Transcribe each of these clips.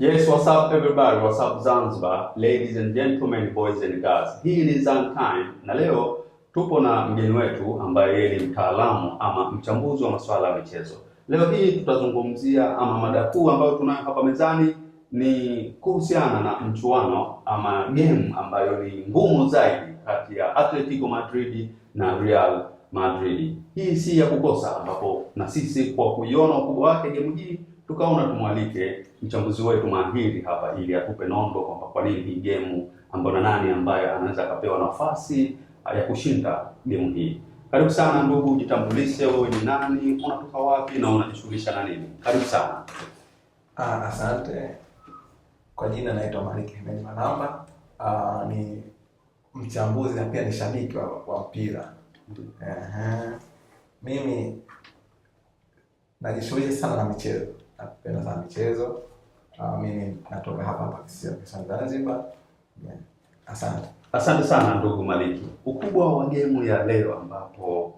Yes, what's up everybody? What's up Zanzibar? Ladies and gentlemen, boys and girls. Hii ni Zantime na leo tupo na mgeni wetu ambaye yeye ni mtaalamu ama mchambuzi wa masuala ya michezo. Leo hii tutazungumzia ama mada kuu ambayo tunayo hapa mezani ni kuhusiana na mchuano ama game ambayo ni ngumu zaidi kati ya Atletico Madrid na Real Madrid. Hii si ya kukosa ambapo na sisi kwa kuiona ukubwa wake game hii tukaona tumwalike mchambuzi wetu mahiri hapa ili atupe nondo kwamba kwa nini hii gemu ambayo na nani ambaye anaweza akapewa nafasi ya kushinda gemu hii. Karibu sana ndugu, jitambulishe, wewe ni nani, unatoka wapi na unajishughulisha na nini? Karibu sana. Ah, asante. Kwa jina naitwa Malik Hemeni Manamba. Ah, ni mchambuzi na pia ni shabiki wa mpira. Mm-hmm. Mimi najishughulisha sana na michezo napenda sana michezo. Uh, mimi natoka hapa hapa Kisia Kisa Zanzibar. Yeah. Asante. Asante sana ndugu Maliki. Ukubwa wa gemu ya leo ambapo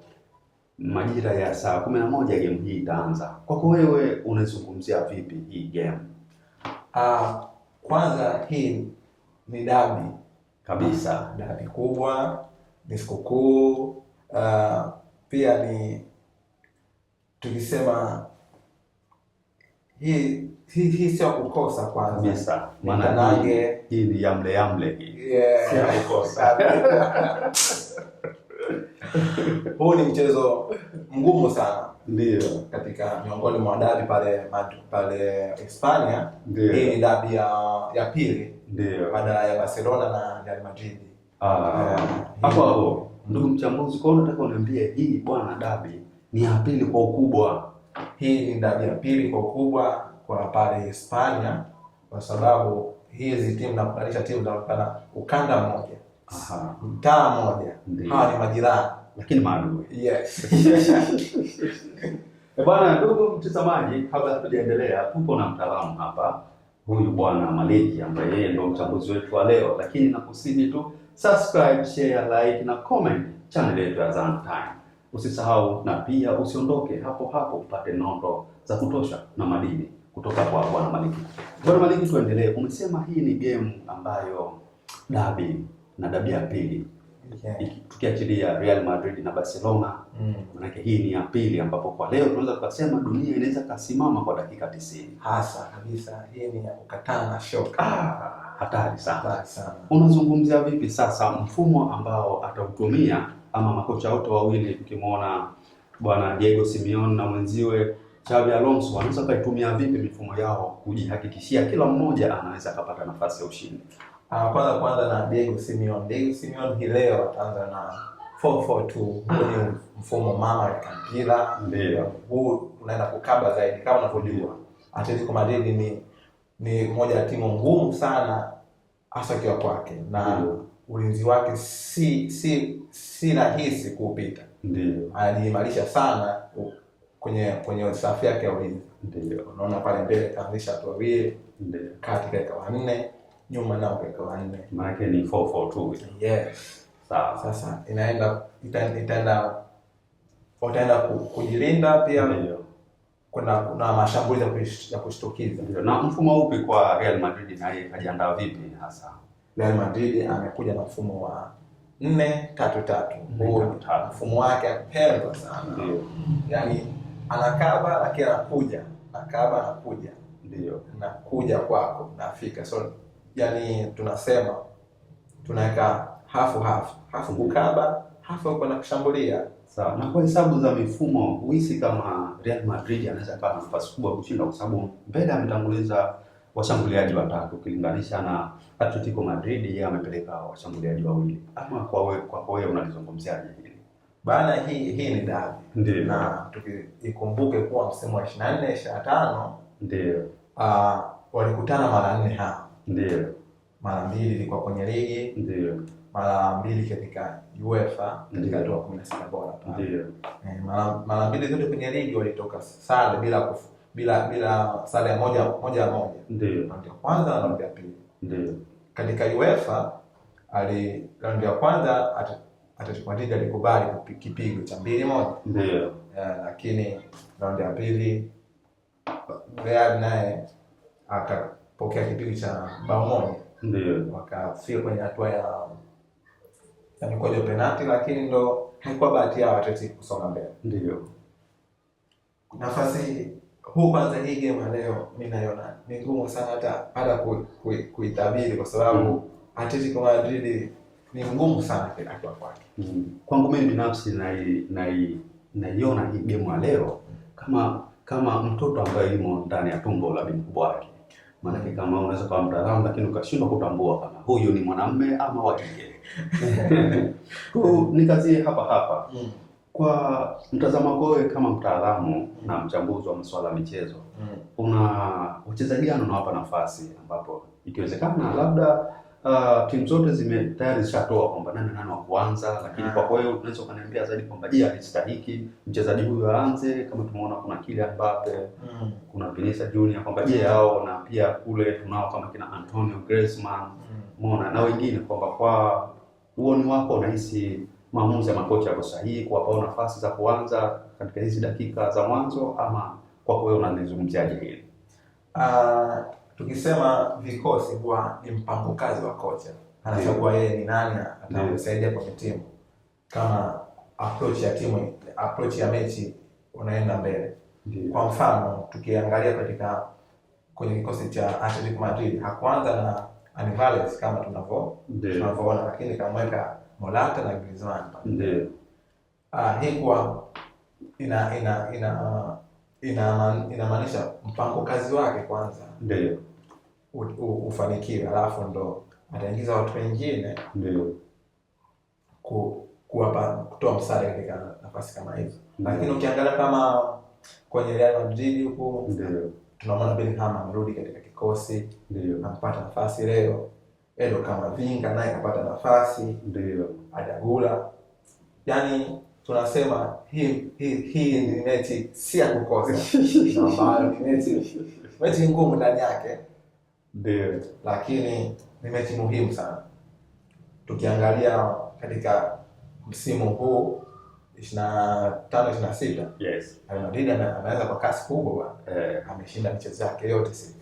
majira ya saa kumi na moja gemu hii itaanza, kwako wewe unaizungumzia vipi hii gemu? Uh, kwanza hii ni dabi kabisa, dabi kubwa, ni sikukuu uh, pia ni tukisema hii hii sio kukosa kwanza kabisa, maana nange hii ni yamle yamle, hii yeah. sio kukosa huu ni mchezo mgumu sana ndio, katika miongoni mwa dabi pale pale Hispania. Hii ni dabi ya ya pili ndio, badala ya Barcelona na Real Madrid. Ah, hapo hapo ndugu mchambuzi, kwa nataka uniambie hii bwana, dabi ni ya pili kwa ukubwa hii ni dabi ya pili kwa ukubwa kwa pale Hispania, kwa sababu hizi timu nakuanisha timu zinatokana ukanda mmoja, mtaa mmoja, hawa ni majirani lakini maadui. Yes. E bwana ndugu mtazamaji, kabla tujaendelea, tupo na mtaalamu hapa, huyu bwana Maliki ambaye yeye ndio mchambuzi wetu wa leo, lakini nakusini tu subscribe, share, like na comment channel yetu ya Zantime. Usisahau na pia usiondoke hapo hapo, upate nondo za kutosha na madini kutoka kwa bwana Maliki. Bwana Maliki, tuendelee. Umesema hii ni game ambayo dabi na dabi ya pili yeah. Tukiachilia Real Madrid na Barcelona mm. Manake hii ni ya pili ambapo kwa leo tunaweza tukasema dunia inaweza kasimama kwa dakika 90 hasa kabisa. Hii ni ya kukataa na shoka ah, hatari sana. Unazungumzia vipi sasa mfumo ambao atautumia ama makocha wote wawili tukimwona bwana Diego Simeone na mwenziwe Xabi Alonso wanaweza kaitumia vipi mifumo yao kujihakikishia kila mmoja anaweza akapata nafasi ya ushindi? Uh, kwanza kwanza na Diego Simeone. Diego Simeone hii leo ataanza na 442 kwenye mfumo mama ya mpira. Ndio. Huu unaenda kukaba zaidi kama unavyojua. Atletico Madrid ni ni moja ya timu ngumu sana hasa kwa kwake na Ndiyo ulinzi wake si si si rahisi kuupita, ndio anajiimarisha sana kwenye kwenye safu yake ya ulinzi. Ndio unaona pale mbele kaanzisha watu wawili, ndio kati kaeka wanne, nyuma nao kaeka wanne, maana ni 442. Yes, sawa. Sasa inaenda itaenda itaenda wataenda kujilinda pia, ndio kuna kuna mashambulizi ya kushtukiza. Ndio, na mfumo upi kwa Real Madrid na yeye kajiandaa vipi hasa? Real Madrid amekuja na mfumo wa nne tatu tatu, mfumo wake apendwa sana yani, anakaba lakini anakuja nakaba anakuja ndio nakuja kwako nafika, so yani tunasema tunaweka hafu hafu hafu kukaba hafu kwa na kushambulia. Sawa. Na kwa hesabu za mifumo huhisi kama Real Madrid anaweza kuwa nafasi kubwa kushinda, kwa sababu mbele ametanguliza washambuliaji watatu ukilinganisha na Atletico Madrid, yeye amepeleka washambuliaji wawili. Ama kwa wewe, kwa wewe unalizungumziaje hili? Baada hii hii ni dabi. Ndiyo. Na tukikumbuke kuwa msimu wa 24 25 ndio ah uh, walikutana mara nne hapa. Ndiyo. Mara mbili ilikuwa kwenye ligi. Ndiyo. Mara mbili katika UEFA katika hatua 16 bora. Ndiyo. Eh, mara mbili zote kwenye ligi walitoka sare bila kufu bila bila sare moja moja moja, ndio raundi ya kwanza na raundi ya pili. Ndio katika UEFA ali raundi ya kwanza Atletico alikubali kipigo cha mbili moja, ndio lakini raundi ya pili Real naye akapokea kipigo cha bao moja, ndio wakafika kwenye hatua ya ya mikojo lakini ndo haikuwa bahati yao Atletico kusonga mbele. Ndio nafasi huu kwanza, hii game ya leo naiona ni ngumu sana hata hata kuitabiri kui, kui kwa sababu mm. Atletico Madrid ni ngumu sana kila kwa kwake mm. Kwangu mimi binafsi nai nai naiona hii game ya leo kama kama mtoto ambaye yumo ndani ya tumbo la bibi mkubwa wake, maanake mm. kama unaweza kuwa mtaalamu lakini ukashindwa kutambua kama huyu ni mwanamme ama wa kike. Nikazie hapa hapa mm. Kwa mtazamo wako wewe kama mtaalamu mm. na mchambuzi wa masuala ya michezo, mm. una wachezaji gani unawapa nafasi ambapo ikiwezekana mm. labda uh, timu zote zime tayari zishatoa kwamba nani nani wa kuanza, lakini hmm. kwa kweli unaweza ukaniambia zaidi kwamba je, alistahiki mchezaji huyu aanze? Kama tumeona kuna kile Mbappe mm. kuna Vinicius Junior kwamba je hmm. hao, na pia kule tunao kama kina Antonio Griezmann mm. mona na wengine kwamba kwa uoni wako unahisi maamuzi ya makocha yako sahihi kuwapa nafasi za kuanza katika hizi dakika za mwanzo, ama kwako wewe unanizungumziaje hili? Uh, tukisema vikosi huwa ni mpango kazi wa kocha, anachagua yeye ni nani atakusaidia kwenye timu, kama approach ya timu, approach ya mechi unaenda mbele. Ndiyo. Kwa mfano tukiangalia katika kwenye kikosi cha Atletico Madrid hakuanza na Anivales kama tunavyo tunavyoona, lakini kamweka Morata na Griezmann ndio ah, hii kwa ina ina ina inamaanisha ina mpango kazi wake kwanza ndio ufanikiwe, alafu ndo ataingiza watu wengine ndio ku kuwapa kutoa msaada katika nafasi kama hizo, lakini ukiangalia kama kwenye Real Madrid huko ndio tunaona Bellingham amerudi katika kikosi, ndio anapata nafasi leo Edo Kamavinga naye kapata nafasi, ndio Ajagula. yani tunasema hii hii ni mechi si ya kukosa, ni mechi ngumu ndani yake, ndio lakini ni mechi muhimu sana. Tukiangalia katika msimu huu ishirini na tano ishirini na sita yes, Madrid anaweza kwa kasi kubwa, eh. ameshinda michezo yake yote si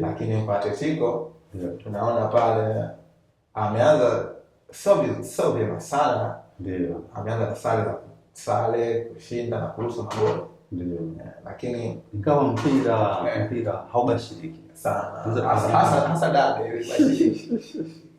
lakini kwa Atletico yeah. Tunaona pale ameanza sio sio vyema sana ndio, ameanza na za sale kushinda na kuruhusu magoli eh, lakini ikawa mpira eh. mpira haubashiriki sanahasa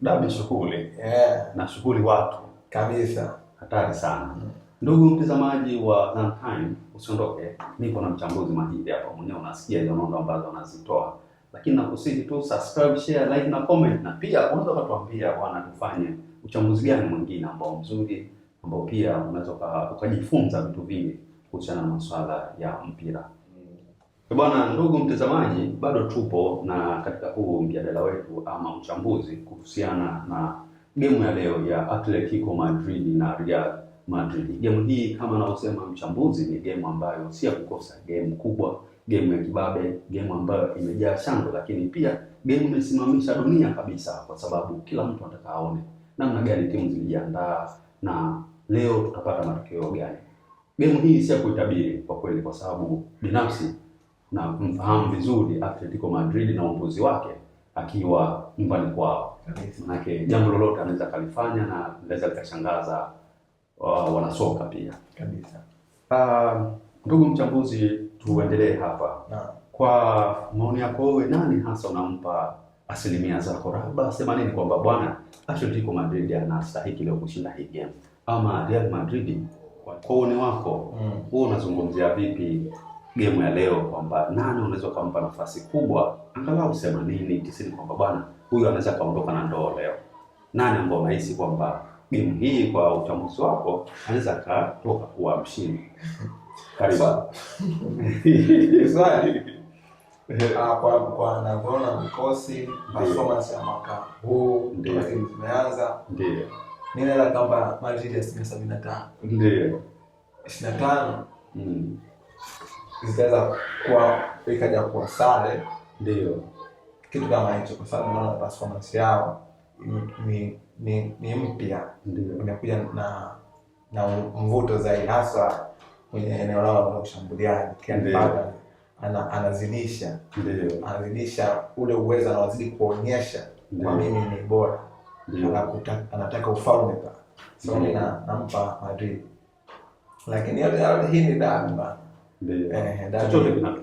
dabdabi shughuli eh. na shughuli watu kabisa, hatari sana mm. Ndugu mtizamaji wa Zantime, usiondoke, niko na mchambuzi mahidi hapa mwenyewe, unasikia hizo nondo ambazo anazitoa lakini nakusihi tu subscribe, share, like na comment, na pia unaweza ukatuambia bwana, tufanye uchambuzi gani mwingine ambao mzuri ambao pia unaweza ukajifunza vitu vingi kuhusiana na masuala ya mpira. Mm. Bwana, ndugu mtazamaji, bado tupo na katika huu mjadala wetu ama uchambuzi kuhusiana na gemu ya leo ya Atletico Madrid na Real Madrid. Gemu hii kama anavyosema mchambuzi, ni gemu ambayo si ya kukosa, gemu kubwa, gemu ya kibabe, gemu ambayo imejaa shangwe, lakini pia gemu imesimamisha dunia kabisa, kwa sababu kila mtu anataka aone namna gani timu zilijiandaa na leo tutapata matokeo gani. Gemu hii si ya kuitabiri kwa kweli, kwa sababu binafsi na mfahamu vizuri Atletico Madrid na uongozi wake akiwa nyumbani kwao, manake jambo lolote anaweza akalifanya na anaweza likashangaza wanasoka pia kabisa. Ah, ndugu uh, mchambuzi, tuendelee hapa na. Kwa maoni yako wewe, nani hasa unampa asilimia zako, labda themanini, kwamba bwana Atletico Madrid anastahiki leo kushinda hii game ama Real Madrid? Kwa uone wako mm. wewe mm. unazungumzia vipi game ya leo, kwamba nani unaweza kumpa nafasi kubwa angalau themanini tisini, kwamba bwana huyu anaweza kaondoka na ndoo leo? Nani ambao unahisi kwamba bimu hii kwa utambuzi wako anaweza akatoka kuwa mshindi. Karibu. Swali. Ah, kwa kwa anavyoona mkosi performance ya mwaka huu timu zimeanza, ndio mi la kamba Madrid asilimia sabini na tano ndio ishirini na tano mm. zitaweza kuwa ikaja kuwa sare, ndio kitu kama hicho, kwa sababu naona performance yao ni, ni, ni mpya imekuja na na mvuto zaidi hasa kwenye eneo lao la kushambuliana. Ana, anazidisha anazidisha ule uwezo anawazidi kuonyesha kwa mimi ni bora, anataka ufalme pa so mimi nampa Madrid, lakini yote hii ni daima eh, eh,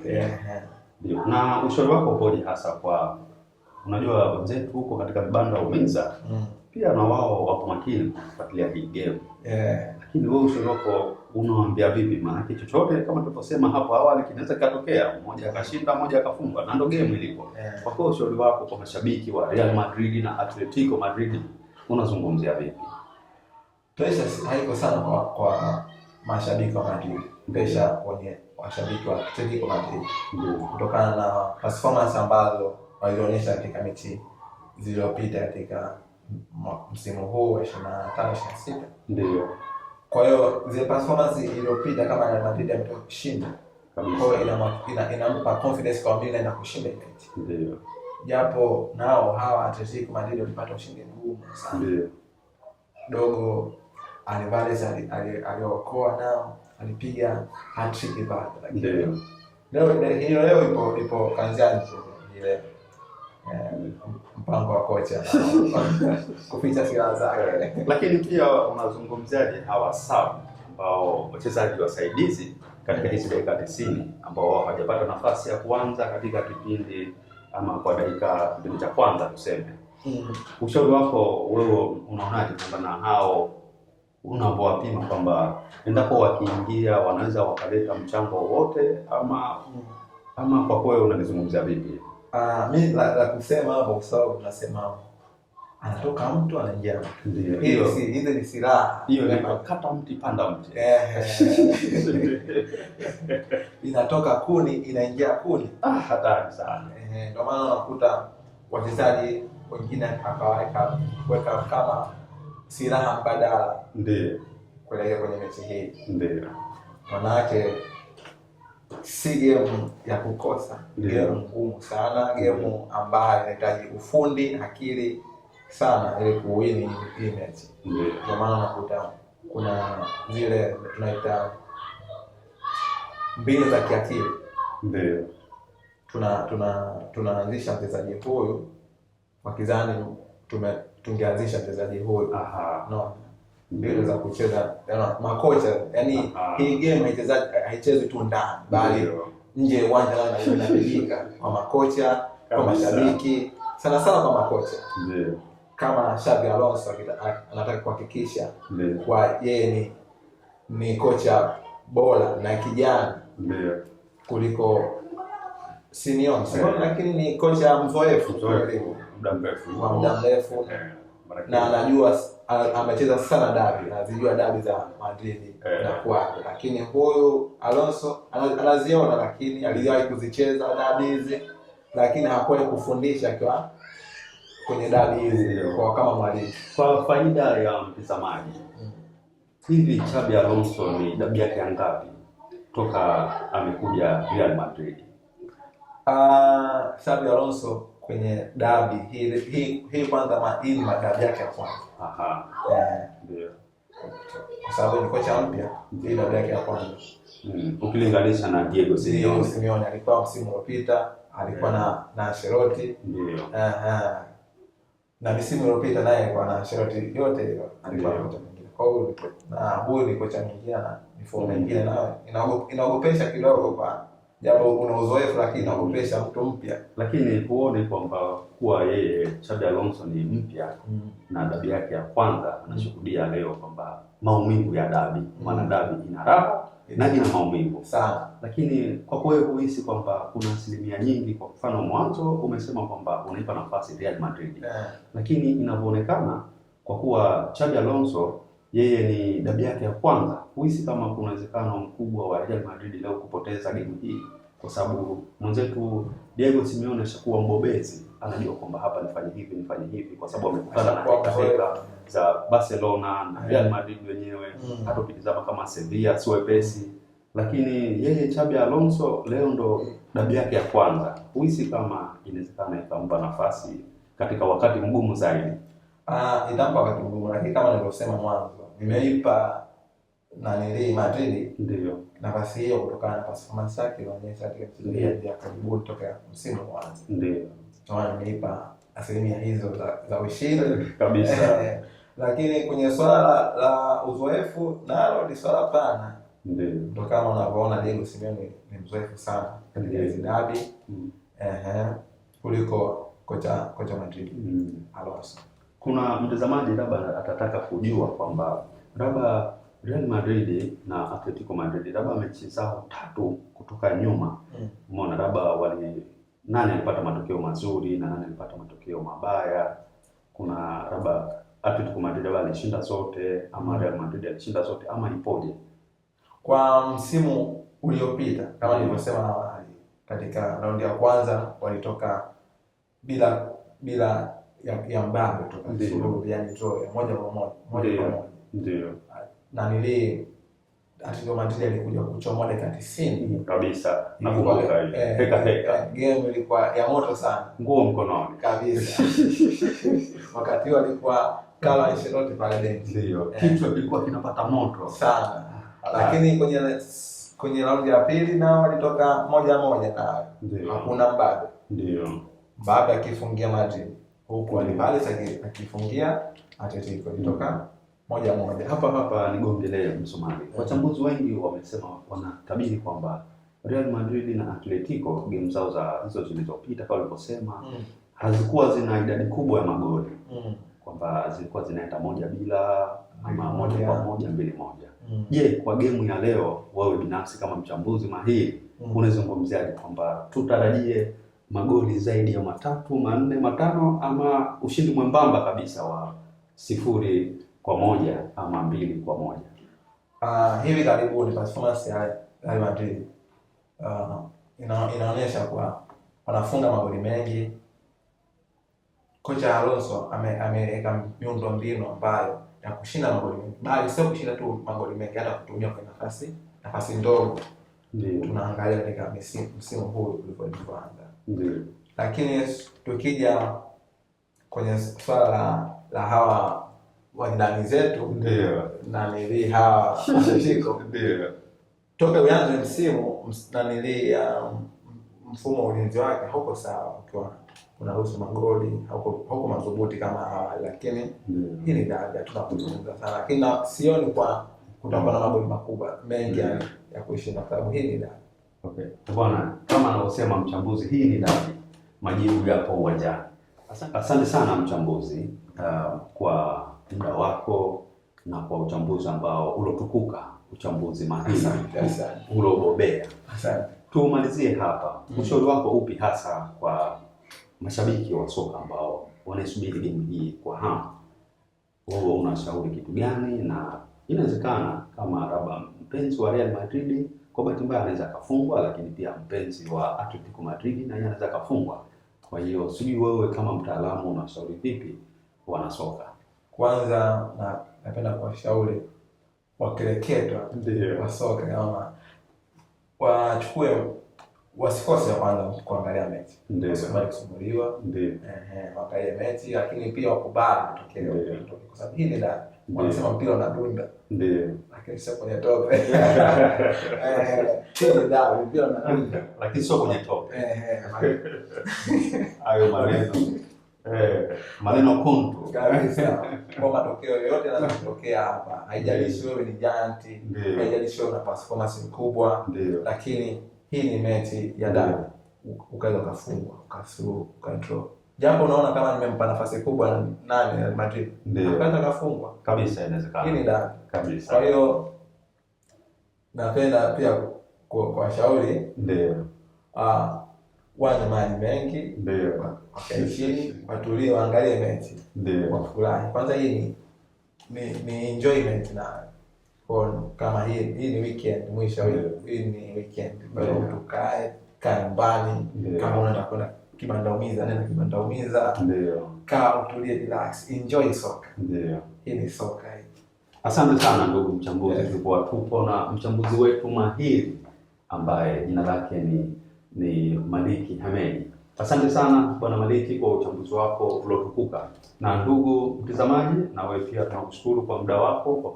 eh, na ushauri wako upoje hasa kwa Unajua wenzetu huko katika vibanda umenza mm. pia na wao wako makini kufuatilia hii game yeah. Lakini wewe ushauri wako unawaambia vipi? Maanake chochote kama tulivyosema hapo awali kinaweza kikatokea, mmoja akashinda, mmoja akafungwa, na ndo game ilipo yeah. Kwa hiyo ushauri wako kwa mashabiki wa Real Madrid na Atletico Madrid unazungumzia vipi? pesa haiko sana kwa, kwa mashabiki wa Madrid, pesa kwenye mashabiki wa Atletico Madrid kutokana na performance ambazo walionyesha katika mechi zilizopita katika msimu huu wa ishirini na tano ishirini na sita ndio. Kwa hiyo zile performance iliyopita kama Real Madrid kushinda kwa hiyo ina inampa confidence kwa Milan na kushinda ile mechi ndio, japo nao hawa Atletico Madrid walipata ushindi mgumu sana ndio, dogo Alvarez aliokoa nao alipiga hat-trick pale, ndio leo leo ipo ipo kanzani ile mpango wa kocha kuficha silaha zake. Lakini pia unazungumziaje sub ambao wachezaji wasaidizi katika hizi dakika tisini ambao hawajapata nafasi ya kuanza katika kipindi ama kwa dakika kipindi cha kwanza tuseme, hmm. ushauri wako wewe unaonaje kwamba na hao unavyowapima kwamba endapo wakiingia wanaweza wakaleta mchango wote ama hmm. ama kwa kweli unalizungumzia vipi? Ah, mi la, la kusema hapo kwa sababu tunasema anatoka mtu anaingia mtu, hiyo si hizo ni silaha, hiyo ni kata mti panda mti eh. inatoka kuni inaingia kuni. Ah, hatari sana. Eh, ndio maana unakuta wachezaji wengine akaweka weka kama silaha mbadala, ndio kuelekea kwenye mechi hii, ndio maana si gemu ya kukosa, gemu ngumu sana, gemu ambayo inahitaji ufundi, akili sana ili kuwini hii mechi. Ndio maana unakuta kuna zile tunaita mbinu za kiakili, ndio tuna tuna tunaanzisha mchezaji huyu wakizani tume tungeanzisha mchezaji huyu no mbinu za kucheza yaani makocha. Yani hii game haichezi tu ndani, bali nje ya uwanja nayo inabadilika kwa makocha, kwa mashabiki, sana sana kwa makocha. Ndio kama Xabi Alonso anataka kuhakikisha kwa yeye ni ni kocha bora na kijana kuliko Simeone, lakini ni kocha mzoefu, mzoefu muda mrefu, muda mrefu eh na anajua amecheza sana dabi, anazijua dabi za Madrid na eh. kwaje, lakini huyu Alonso anaziona, lakini aliwahi kuzicheza dabi hizi, lakini hakuwahi kufundisha kwa kwenye dabi hizi kwa kama mwalimu. Kwa faida ya mtazamaji, hivi Xabi Alonso ni dabi yake ya ngapi toka amekuja Real Madrid? Ah, Xabi Alonso kwenye dabi hii hii hii kwanza, hii ni madabi yake ya kwanza, ndio kwa sababu ni kocha mpya. Hii dabi yake ya kwanza hmm. ukilinganisha na Diego Simeone. Simeone alikuwa msimu uliopita alikuwa na hmm. na Ancelotti, ndio na misimu iliyopita naye alikuwa na Ancelotti, yote alikuwa na kocha mwingine. Kwa hiyo na huyu ni kocha mwingine na mifumo hmm. mingine, nayo inaogopesha kidogo kwa japo una uzoefu lakini naogopesha mtu mpya. Lakini huone kwamba kuwa yeye Chade Alonso ni mpya mm. na dabi yake ya kwanza anashuhudia leo kwamba maumivu ya dabi mm. maana dabi ina raha na ina maumivu sawa. lakini kwa kweli huhisi kwamba kuna asilimia nyingi. Kwa mfano, mwanzo umesema kwamba unaipa nafasi Real Madrid yeah. lakini inavyoonekana kwa kuwa Chade Alonso yeye ni dabi yake ya kwanza huisi kama kuna uwezekano mkubwa wa Real Madrid leo kupoteza game hii, kwa sababu mwenzetu Diego Simeone ashakuwa mbobezi, anajua kwamba hapa nifanye hivi nifanye hivi, kwa sababu amekutana na heka za Barcelona na mm. Real Madrid wenyewe, mm. hata ukitizama kama Sevilla si wepesi, lakini yeye Xabi Alonso leo ndo dabi yake ya kwanza. huisi kama inawezekana ikampa nafasi katika wakati mgumu zaidi? Ah, itampa wakati mgumu, lakini kama nilivyosema mwanzo, nimeipa nanilii Madrid ndio nafasi hiyo kutokana na performance yake inaonyesha katika mchezo ya karibuni toka msimu wa kwanza. Ndio maana nimeipa asilimia hizo za za ushindi kabisa. Lakini kwenye swala la la uzoefu nalo ni swala pana, ndio kama unavyoona Diego Simeone ni mzoefu sana katika hizi dabi mm. kuliko kocha kocha Madrid mm. Alonso. Kuna mtazamaji labda atataka kujua kwamba labda Real Madrid na Atletico Madrid labda mechi zao tatu kutoka nyuma, mm. umeona labda wali nani alipata matokeo mazuri na nani alipata matokeo mabaya. Kuna labda Atletico Madrid labda alishinda zote ama mm. Real Madrid alishinda zote ama ipoje? Kwa msimu uliopita kama nilivyosema, na wali katika raundi ya kwanza walitoka bila bila ya, ya mbabe kutoka suluhu, yani draw moja kwa moja moja kwa moja ndio na nili Atletico Madrid alikuja kuchomoa dakika 90 mm, kabisa, nakumbuka ile heka eh, heka, eh, eh, game ilikuwa ya moto sana, nguo mkononi kabisa wakati huo alikuwa kala Ancelotti pale ndani, ndio kichwa kilikuwa kinapata moto sana, ah. lakini kwenye kwenye raundi ya pili nao walitoka moja moja na hakuna Mbappe, ndio Mbappe akifungia Madrid, huko alipale sasa akifungia Atletico ilitoka moja moja hapa hapa leo Msomali. Mm-hmm. Wachambuzi wengi wamesema wanatabiri kwamba Real Madrid na Atletico game zao za hizo zilizopita kama walivyosema mm. Mm-hmm. hazikuwa zina idadi kubwa ya magoli mm. kwamba zilikuwa zinaenda moja bila ama moja kwa moja mbili moja. Je, mm. kwa gemu ya leo wewe binafsi kama mchambuzi mahiri mm. unazungumziaje kwamba tutarajie magoli zaidi ya matatu manne matano ama ushindi mwembamba kabisa wa sifuri kwa moja ama mbili kwa moja. Uh, hivi karibuni performance ya Real Madrid uh, ina, inaonyesha kwa wanafunga magoli mengi. Kocha Alonso ameweka miundo mbinu ambayo ya kushinda magoli mengi, bali sio kushinda tu magoli mengi, hata kutumia kwa nafasi nafasi ndogo. Ndio tunaangalia katika msimu huu ulivyoanza, ndio. Lakini tukija kwenye swala la hawa wandani zetu nanilii hawa wasiko toka uanze msimu nanilii mfumo wa ulinzi wake hauko sawa, ukiwa unaruhusu magoli hauko, hauko madhubuti kama awali, lakini hii ni daga tunapozungumza sana, lakini sioni kwa kutakuwa na magoli makubwa mengi ya kuishinda, kwa sababu hii ni Okay. Bwana, kama anavyosema mchambuzi, hii ni dabi, majibu yapo uwanjani. Asante sana mchambuzi uh, kwa mda wako na kwa uchambuzi ambao ulotukuka, uchambuzi mahiri ulobobea. Tumalizie hapa, mm. ushauri wako upi hasa kwa mashabiki wa soka ambao wanaisubiri game hii kwa hamu? Wewe unashauri kitu gani? Na inawezekana kama labda mpenzi wa Real Madrid kwa bahati mbaya anaweza akafungwa, lakini pia mpenzi wa Atletico Madrid na yeye anaweza akafungwa. Kwa hiyo sijui wewe kama mtaalamu unashauri vipi wanasoka? Kwanza na napenda kuwashauri wakireketwa wa soka kama wachukue wasikose kwanza kuangalia mechi, wasikubali kusumbuliwa, waangalie mechi, lakini pia wakubali matokeo, kwa sababu hii ni wanasema mpira unadunda, lakini sio kwenye tope. Hiyo ni da mpira unadunda, lakini sio kwenye tope. Hayo maneno eh maneno kontu kabisa, kwa matokeo yoyote yanayotokea hapa, haijalishi wewe ni giant, haijalishi wewe una performance kubwa, lakini hii ni mechi ya dabi, ukaweza ukafungwa ukasuru ukadraw japo unaona kama nimempa nafasi kubwa nani Real Madrid akaenda kafungwa kabisa, inawezekana. Hii ni dabi kabisa. Kwa hiyo napenda pia kuwashauri ndio ah kuwa na maji mengi, ndio wakae chini, watulie, waangalie mechi, ndio wafurahi. Kwanza hii ni ni enjoyment na ono kama hii hii ni weekend, mwisho wa hii ni weekend. Kwa tukae kaa nyumbani, kama unataka kwenda kibandaumiza, nenda kibandaumiza, ndio kaa utulie, relax, enjoy soka. Ndio hii ni soka hii. Asante sana ndugu mchambuzi, yeah. Tupo na mchambuzi wetu mahiri ambaye jina lake ni ni Maliki Hamedi. Asante sana Bwana Maliki kwa uchambuzi wako uliotukuka. Na ndugu mtazamaji, na wewe pia tunakushukuru kwa muda wako kwa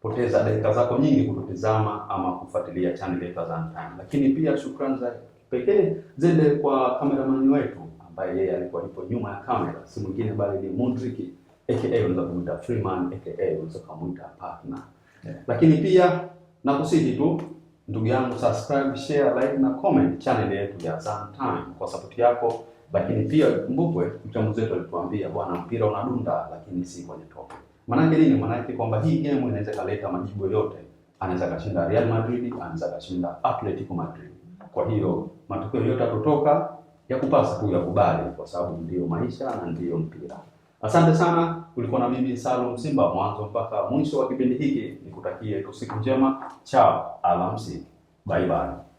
kupoteza dakika zako nyingi kututizama ama kufuatilia channel yetu za Time. Lakini pia shukrani za pekee zende kwa kameramani wetu ambaye yeye alikuwa yupo nyuma ya kamera, si mwingine bali ni Mundriki aka unaweza kumuita Freeman aka unaweza kumuita partner. Yeah. Lakini pia nakusihi tu Ndugu yangu, subscribe, share, like na comment channel yetu ya Zantime kwa sapoti yako, lakini pia ikumbukwe, mchambuzi wetu alituambia bwana, mpira unadunda lakini si kwenye tope. Maanake nini? Maanake kwamba hii game inaweza kaleta majibu yote, anaweza kashinda Real Madrid, anaweza kashinda Atletico Madrid. Kwa hiyo matokeo yote yatotoka ya kupasa tu yakubali, kwa sababu ndiyo maisha na ndiyo mpira. Asante sana, kulikuwa na mimi Salum Simba mwanzo mpaka mwisho wa kipindi hiki. Nikutakie tu siku njema, chao, alamsi bye bye.